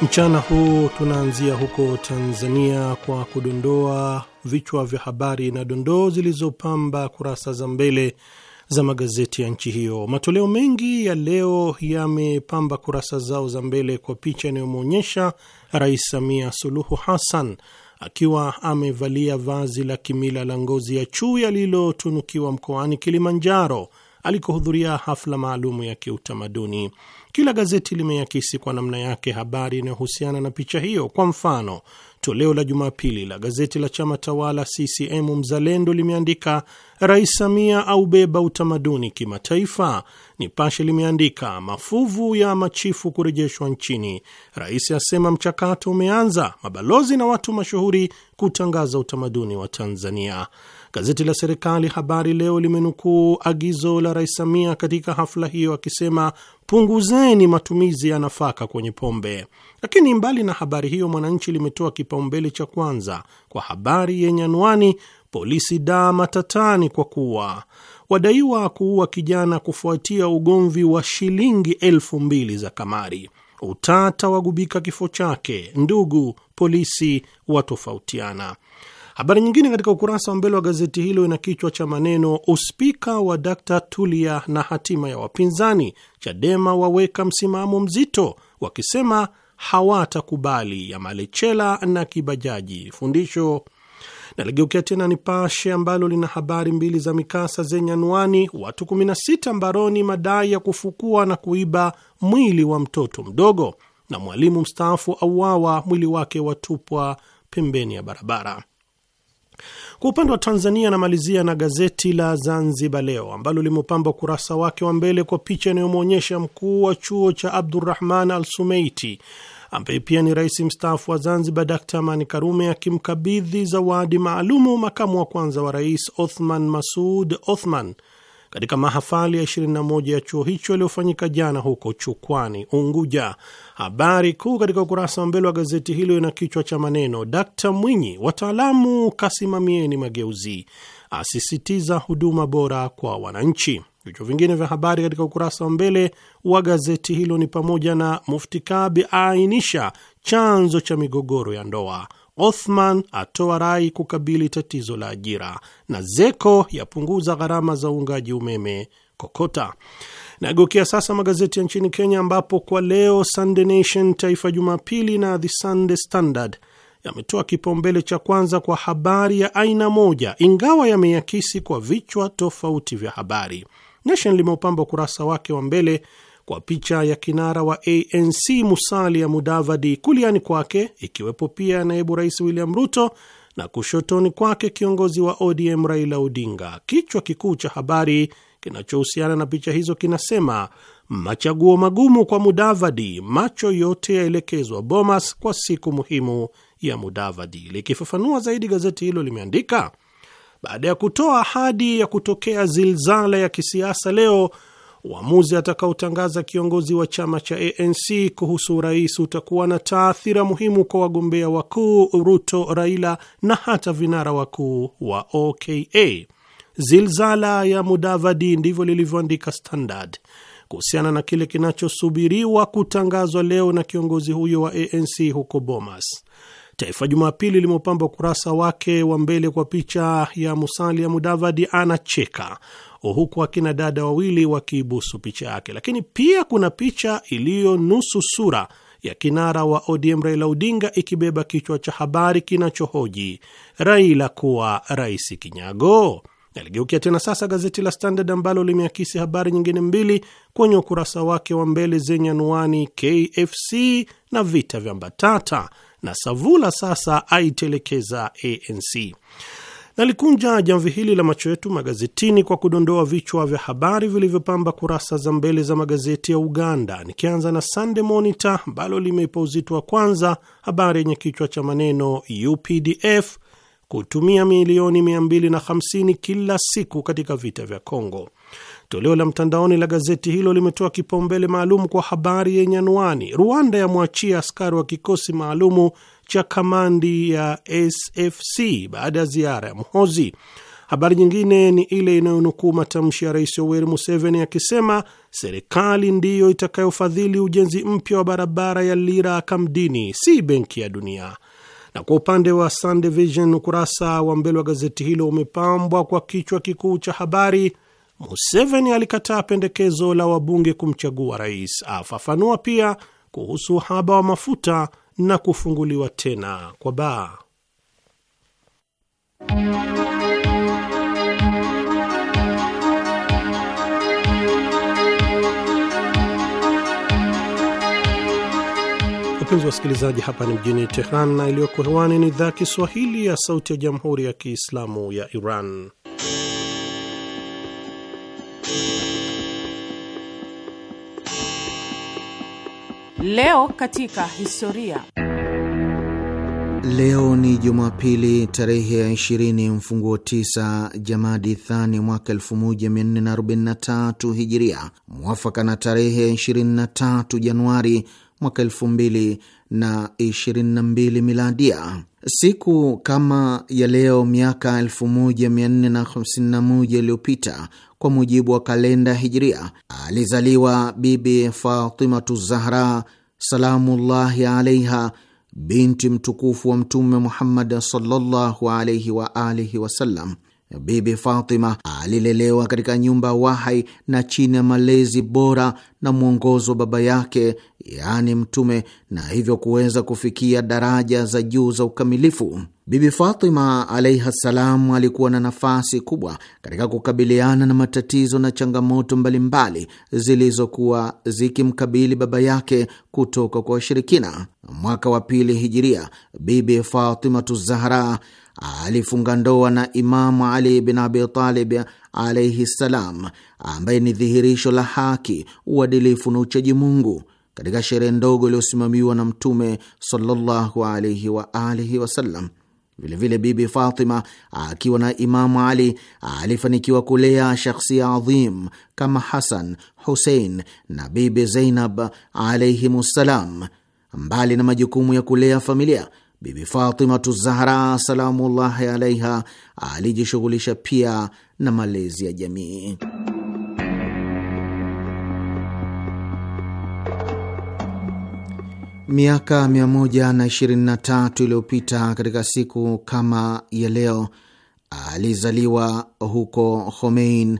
Mchana huu tunaanzia huko Tanzania kwa kudondoa vichwa vya habari na dondoo zilizopamba kurasa za mbele za magazeti ya nchi hiyo. Matoleo mengi ya leo yamepamba kurasa zao za mbele kwa picha inayomwonyesha Rais Samia Suluhu Hassan akiwa amevalia vazi la kimila la ngozi ya chui alilotunukiwa mkoani Kilimanjaro alikohudhuria hafla maalumu ya kiutamaduni. Kila gazeti limeakisi kwa namna yake habari inayohusiana na picha hiyo. Kwa mfano, toleo la Jumapili la gazeti la chama tawala CCM Mzalendo limeandika Rais Samia aubeba utamaduni kimataifa. Nipashe limeandika mafuvu ya machifu kurejeshwa nchini, rais asema mchakato umeanza, mabalozi na watu mashuhuri kutangaza utamaduni wa Tanzania. Gazeti la serikali Habari Leo limenukuu agizo la Rais Samia katika hafla hiyo akisema punguzeni matumizi ya nafaka kwenye pombe. Lakini mbali na habari hiyo, Mwananchi limetoa kipaumbele cha kwanza kwa habari yenye anwani polisi daa matatani kwa kuwa wadaiwa kuua kijana kufuatia ugomvi wa shilingi elfu mbili za kamari. Utata wagubika kifo chake, ndugu polisi watofautiana. Habari nyingine katika ukurasa wa mbele wa gazeti hilo ina kichwa cha maneno uspika wa d Tulia na hatima ya wapinzani, Chadema waweka msimamo mzito wakisema hawatakubali ya malechela na Kibajaji fundisho. Naligeukia tena Nipashe ambalo lina habari mbili za mikasa zenye anwani watu 16 mbaroni madai ya kufukua na kuiba mwili wa mtoto mdogo, na mwalimu mstaafu auawa mwili wake watupwa pembeni ya barabara. Kwa upande wa Tanzania, anamalizia na gazeti la Zanzibar Leo ambalo limepamba ukurasa wake wa mbele kwa picha inayomwonyesha mkuu wa chuo cha Abdurrahman Al Sumeiti ambaye pia ni rais mstaafu wa Zanzibar Dkt Amani Karume akimkabidhi zawadi maalumu makamu wa kwanza wa rais Othman Masud Othman katika mahafali ya 21 ya chuo hicho yaliyofanyika jana huko Chukwani, Unguja. Habari kuu katika ukurasa wa mbele wa gazeti hilo ina kichwa cha maneno Dkt Mwinyi, wataalamu kasimamieni mageuzi, asisitiza huduma bora kwa wananchi. Vichwa vingine vya habari katika ukurasa wa mbele wa gazeti hilo ni pamoja na Mufti aainisha chanzo cha migogoro ya ndoa Othman atoa rai kukabili tatizo la ajira, na ZECO yapunguza gharama za uungaji umeme kokota. nagokea sasa magazeti ya nchini Kenya, ambapo kwa leo Sunday Nation, Taifa Jumapili na The Sunday Standard yametoa kipaumbele cha kwanza kwa habari ya aina moja, ingawa yameyakisi kwa vichwa tofauti vya habari. Nation limeupamba ukurasa wake wa mbele kwa picha ya kinara wa ANC Musalia Mudavadi, kuliani kwake ikiwepo pia naibu rais William Ruto na kushotoni kwake kiongozi wa ODM Raila Odinga. Kichwa kikuu cha habari kinachohusiana na picha hizo kinasema machaguo magumu kwa Mudavadi, macho yote yaelekezwa Bomas kwa siku muhimu ya Mudavadi. Likifafanua zaidi, gazeti hilo limeandika baada ya kutoa ahadi ya kutokea zilzala ya kisiasa leo uamuzi atakaotangaza kiongozi wa chama cha ANC kuhusu urais utakuwa na taathira muhimu kwa wagombea wakuu Ruto, Raila na hata vinara wakuu wa OKA. Zilzala ya Mudavadi, ndivyo lilivyoandika Standard kuhusiana na kile kinachosubiriwa kutangazwa leo na kiongozi huyo wa ANC huko Bomas. Taifa Jumapili limeupamba ukurasa wake wa mbele kwa picha ya Musalia Mudavadi anacheka huku akina dada wawili wakiibusu picha yake, lakini pia kuna picha iliyo nusu sura ya kinara wa ODM Raila Odinga ikibeba kichwa cha habari kinachohoji Raila kuwa rais kinyago. aligeukia tena sasa gazeti la Standard ambalo limeakisi habari nyingine mbili kwenye ukurasa wake wa mbele zenye anuani KFC na vita vya mbatata na Savula sasa aitelekeza ANC. Nalikunja jamvi hili la macho yetu magazetini kwa kudondoa vichwa vya habari vilivyopamba kurasa za mbele za magazeti ya Uganda, nikianza na Sunday Monitor ambalo limeipa uzito wa kwanza habari yenye kichwa cha maneno UPDF kutumia milioni 250 kila siku katika vita vya Kongo. Toleo la mtandaoni la gazeti hilo limetoa kipaumbele maalum kwa habari yenye anwani Rwanda yamwachia askari wa kikosi maalumu cha kamandi ya SFC baada ya ziara ya Mhozi. Habari nyingine ni ile inayonukuu matamshi ya Rais Yoweri Museveni akisema serikali ndiyo itakayofadhili ujenzi mpya wa barabara ya lira kamdini si Benki ya Dunia. Na kwa upande wa Sunday Vision, ukurasa wa mbele wa gazeti hilo umepambwa kwa kichwa kikuu cha habari Museveni alikataa pendekezo la wabunge kumchagua rais. Afafanua pia kuhusu uhaba wa mafuta na kufunguliwa tena kwa baa. Wapenzi wasikilizaji, hapa ni mjini Tehran na iliyoko hewani ni idhaa Kiswahili ya Sauti ya Jamhuri ya Kiislamu ya Iran. Leo katika historia. Leo ni Jumapili tarehe ya 20 mfunguo 9 Jamadi Thani mwaka 1443 Hijiria, mwafaka na tarehe ya 23 Januari mwaka 2022 Miladia. Siku kama ya leo miaka 1451 iliyopita kwa mujibu wa kalenda Hijria, alizaliwa Bibi Fatimatu Zahra salamullahi alaiha, binti mtukufu wa Mtume Muhammad sallallahu alaihi wa alihi wasallam. Bibi Fatima alilelewa katika nyumba ya wahai na chini ya malezi bora na mwongozo wa baba yake yaani mtume, na hivyo kuweza kufikia daraja za juu za ukamilifu. Bibi Fatima alaihi ssalam alikuwa na nafasi kubwa katika kukabiliana na matatizo na changamoto mbalimbali zilizokuwa zikimkabili baba yake kutoka kwa washirikina. Mwaka wa pili hijiria, Bibi Fatimatu Zahra alifunga ndoa na Imamu Ali bin Abitalib alaihi ssalam, ambaye ni dhihirisho la haki, uadilifu na uchaji Mungu katika sherehe ndogo iliyosimamiwa na Mtume sallallahu alaihi wa alihi wasallam. Vilevile Bibi Fatima akiwa na Imamu Ali alifanikiwa kulea shakhsia adhim kama Hasan, Husein na Bibi Zeinab ssalam. Mbali na majukumu ya kulea familia, Bibi Fatimatu Zahra salamullahi alaiha alijishughulisha pia na malezi ya jamii. Miaka 123 iliyopita katika siku kama ya leo alizaliwa huko Khomein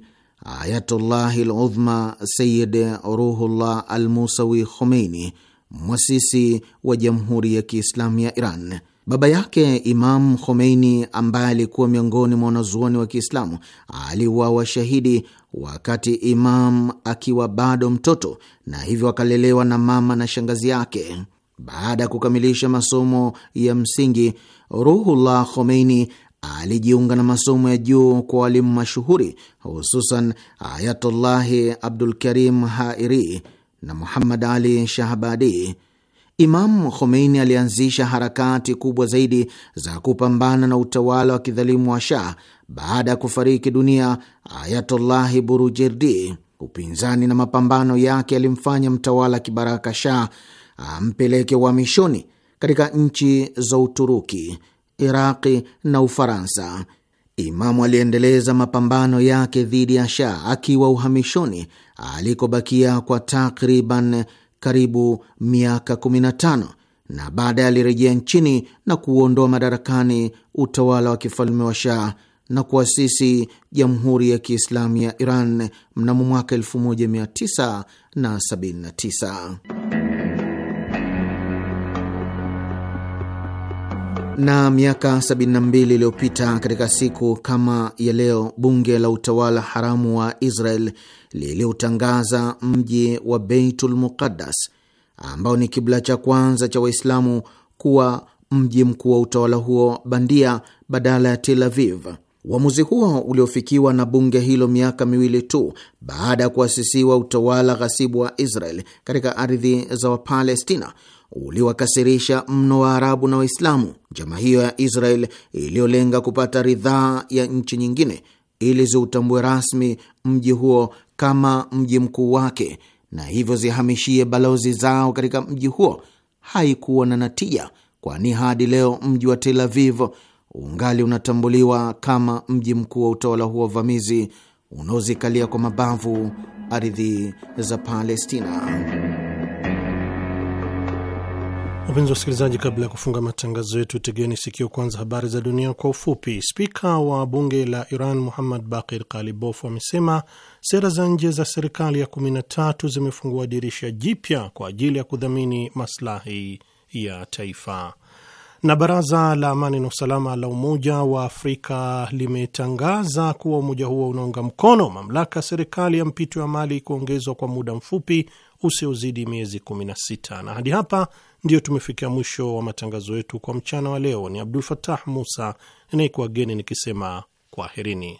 Ayatullahi Ludhma Sayid Ruhullah Al Musawi Khomeini, mwasisi wa Jamhuri ya Kiislamu ya Iran. Baba yake Imam Khomeini, ambaye alikuwa miongoni mwa wanazuoni wa Kiislamu, aliuawa shahidi wakati Imam akiwa bado mtoto, na hivyo akalelewa na mama na shangazi yake. Baada ya kukamilisha masomo ya msingi, Ruhullah Khomeini alijiunga na masomo ya juu kwa walimu mashuhuri, hususan Ayatullahi Abdul Karim Hairi na Muhammad Ali Shahbadi. Imamu Khomeini alianzisha harakati kubwa zaidi za kupambana na utawala wa kidhalimu wa Shah baada ya kufariki dunia Ayatullahi Burujerdi. Upinzani na mapambano yake yalimfanya mtawala kibaraka Shah ampeleke uhamishoni katika nchi za Uturuki, Iraqi na Ufaransa. Imamu aliendeleza mapambano yake dhidi ya Shah akiwa uhamishoni alikobakia kwa takriban karibu miaka 15 na baadaye alirejea nchini na kuuondoa madarakani utawala wa kifalme wa Shah na kuasisi Jamhuri ya Kiislamu ya Iran mnamo mwaka 1979. Na miaka 72 iliyopita katika siku kama ya leo, bunge la utawala haramu wa Israel liliutangaza mji wa Beitul Muqaddas ambao ni kibla cha kwanza cha Waislamu kuwa mji mkuu wa utawala huo bandia badala ya Tel Aviv. Uamuzi huo uliofikiwa na bunge hilo miaka miwili tu baada ya kuasisiwa utawala ghasibu wa Israel katika ardhi za Wapalestina uliwakasirisha mno wa arabu na Waislamu. Njama hiyo ya Israel iliyolenga kupata ridhaa ya nchi nyingine ili ziutambue rasmi mji huo kama mji mkuu wake na hivyo zihamishie balozi zao katika mji huo haikuwa na natija, kwani hadi leo mji wa Tel Aviv ungali unatambuliwa kama mji mkuu wa utawala huo wavamizi unaozikalia kwa mabavu ardhi za Palestina. Wapenzi wa wasikilizaji, kabla ya kufunga matangazo yetu, tegeni sikio kwanza habari za dunia kwa ufupi. Spika wa bunge la Iran Muhammad Bakir Kalibof amesema sera za nje za serikali ya tatu zimefungua dirisha jipya kwa ajili ya kudhamini maslahi ya taifa. Na baraza la amani na usalama la Umoja wa Afrika limetangaza kuwa umoja huo unaunga mkono mamlaka ya serikali ya mpito ya Mali kuongezwa kwa muda mfupi usiozidi miezi 16. Na hadi hapa ndiyo tumefikia mwisho wa matangazo yetu kwa mchana wa leo. Ni Abdul Fatah Musa anayekuwageni nikisema kwaherini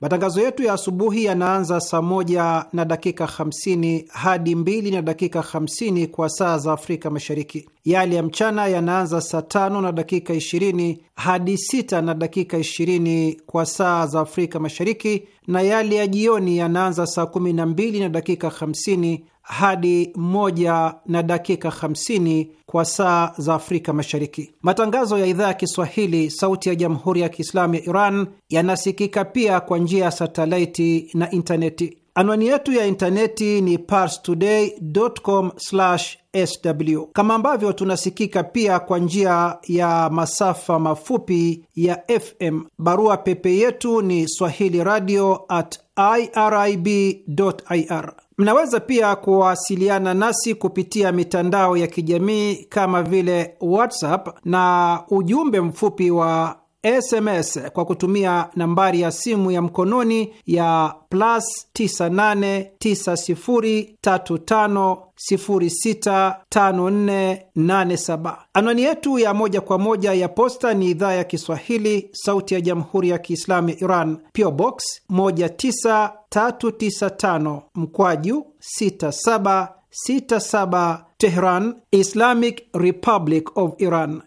Matangazo yetu ya asubuhi yanaanza saa moja na dakika 50 hadi mbili na dakika 50 kwa saa za Afrika Mashariki. Yale ya mchana yanaanza saa tano na dakika 20 hadi sita na dakika 20 kwa saa za Afrika Mashariki, na yale ya jioni yanaanza saa 12 na dakika 50 hadi moja na dakika 50 kwa saa za Afrika Mashariki. Matangazo ya idhaa ya Kiswahili sauti ya Jamhuri ya Kiislamu ya Iran yanasikika pia kwa njia ya satelaiti na intaneti. Anwani yetu ya intaneti ni parstoday.com/sw, kama ambavyo tunasikika pia kwa njia ya masafa mafupi ya FM. Barua pepe yetu ni swahili radio at irib.ir Mnaweza pia kuwasiliana nasi kupitia mitandao ya kijamii kama vile WhatsApp na ujumbe mfupi wa SMS kwa kutumia nambari ya simu ya mkononi ya plus 989035065487. Anwani yetu ya moja kwa moja ya posta ni idhaa ya Kiswahili, sauti ya jamhuri ya kiislamu ya Iran, PO Box 19395 mkwaju 6767 Tehran, Islamic Republic of Iran.